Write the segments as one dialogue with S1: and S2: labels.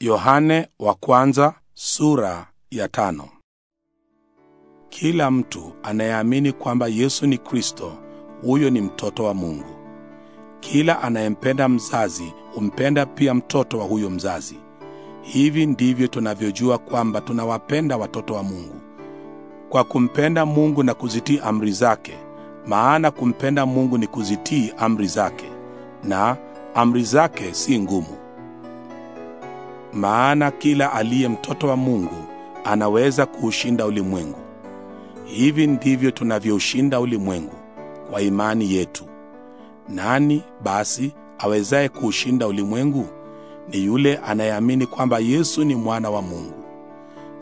S1: Yohane wa kwanza sura ya tano. Kila mtu anayeamini kwamba Yesu ni Kristo, huyo ni mtoto wa Mungu. Kila anayempenda mzazi humpenda pia mtoto wa huyo mzazi. Hivi ndivyo tunavyojua kwamba tunawapenda watoto wa Mungu, kwa kumpenda Mungu na kuzitii amri zake. Maana kumpenda Mungu ni kuzitii amri zake, na amri zake si ngumu maana kila aliye mtoto wa Mungu anaweza kuushinda ulimwengu. Hivi ndivyo tunavyoushinda ulimwengu kwa imani yetu. Nani basi awezaye kuushinda ulimwengu? Ni yule anayeamini kwamba Yesu ni mwana wa Mungu.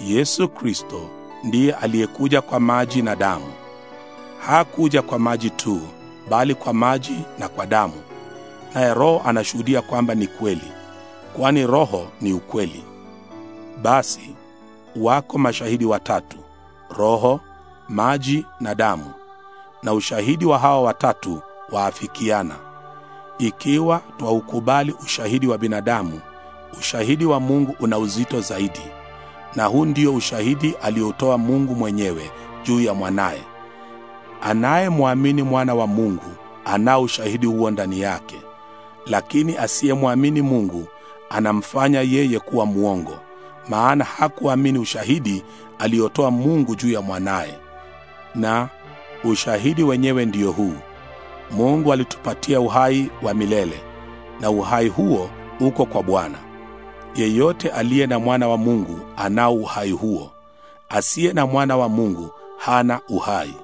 S1: Yesu Kristo ndiye aliyekuja kwa maji na damu. Hakuja kwa maji tu, bali kwa maji na kwa damu, naye Roho anashuhudia kwamba ni kweli kwani Roho ni ukweli. Basi wako mashahidi watatu, Roho, maji na damu, na ushahidi wa hawa watatu waafikiana. Ikiwa twaukubali ushahidi wa binadamu, ushahidi wa Mungu una uzito zaidi, na huu ndio ushahidi aliotoa Mungu mwenyewe juu ya mwanaye. Anayemwamini mwana wa Mungu anao ushahidi huo ndani yake, lakini asiyemwamini Mungu anamfanya yeye kuwa mwongo, maana hakuamini ushahidi aliotoa Mungu juu ya mwanaye. Na ushahidi wenyewe ndiyo huu: Mungu alitupatia uhai wa milele, na uhai huo uko kwa Bwana. Yeyote aliye na mwana wa Mungu anao uhai huo, asiye na mwana wa Mungu hana uhai.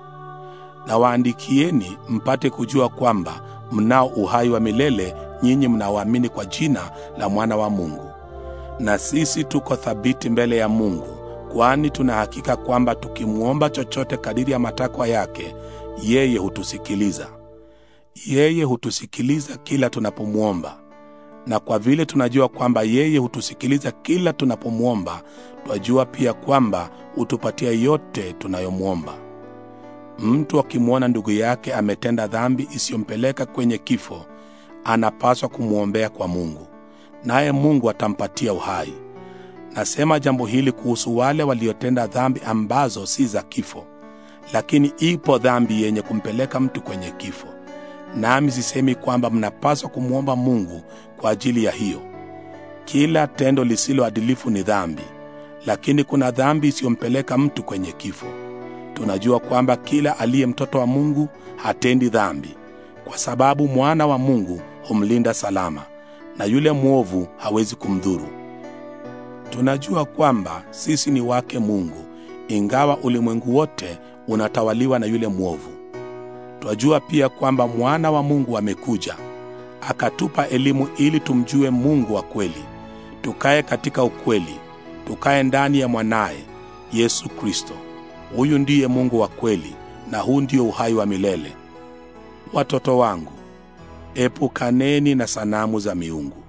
S1: Na waandikieni mpate kujua kwamba mnao uhai wa milele nyinyi mnaoamini kwa jina la mwana wa Mungu. Na sisi tuko thabiti mbele ya Mungu, kwani tunahakika kwamba tukimwomba chochote kadiri ya matakwa yake, yeye hutusikiliza. Yeye hutusikiliza kila tunapomwomba, na kwa vile tunajua kwamba yeye hutusikiliza kila tunapomwomba, twajua pia kwamba hutupatia yote tunayomwomba. Mtu akimwona ndugu yake ametenda dhambi isiyompeleka kwenye kifo, anapaswa kumwombea kwa Mungu, naye Mungu atampatia uhai. Nasema jambo hili kuhusu wale waliotenda dhambi ambazo si za kifo, lakini ipo dhambi yenye kumpeleka mtu kwenye kifo. Nami sisemi kwamba mnapaswa kumwomba Mungu kwa ajili ya hiyo. Kila tendo lisiloadilifu ni dhambi, lakini kuna dhambi isiyompeleka mtu kwenye kifo. Tunajua kwamba kila aliye mtoto wa Mungu hatendi dhambi, kwa sababu mwana wa Mungu humlinda salama, na yule mwovu hawezi kumdhuru. Tunajua kwamba sisi ni wake Mungu, ingawa ulimwengu wote unatawaliwa na yule mwovu. Twajua pia kwamba mwana wa Mungu amekuja, akatupa elimu ili tumjue Mungu wa kweli, tukae katika ukweli, tukae ndani ya mwanaye Yesu Kristo. Huyu ndiye Mungu wa kweli na huu ndio uhai wa milele. Watoto wangu, epukaneni na sanamu za miungu.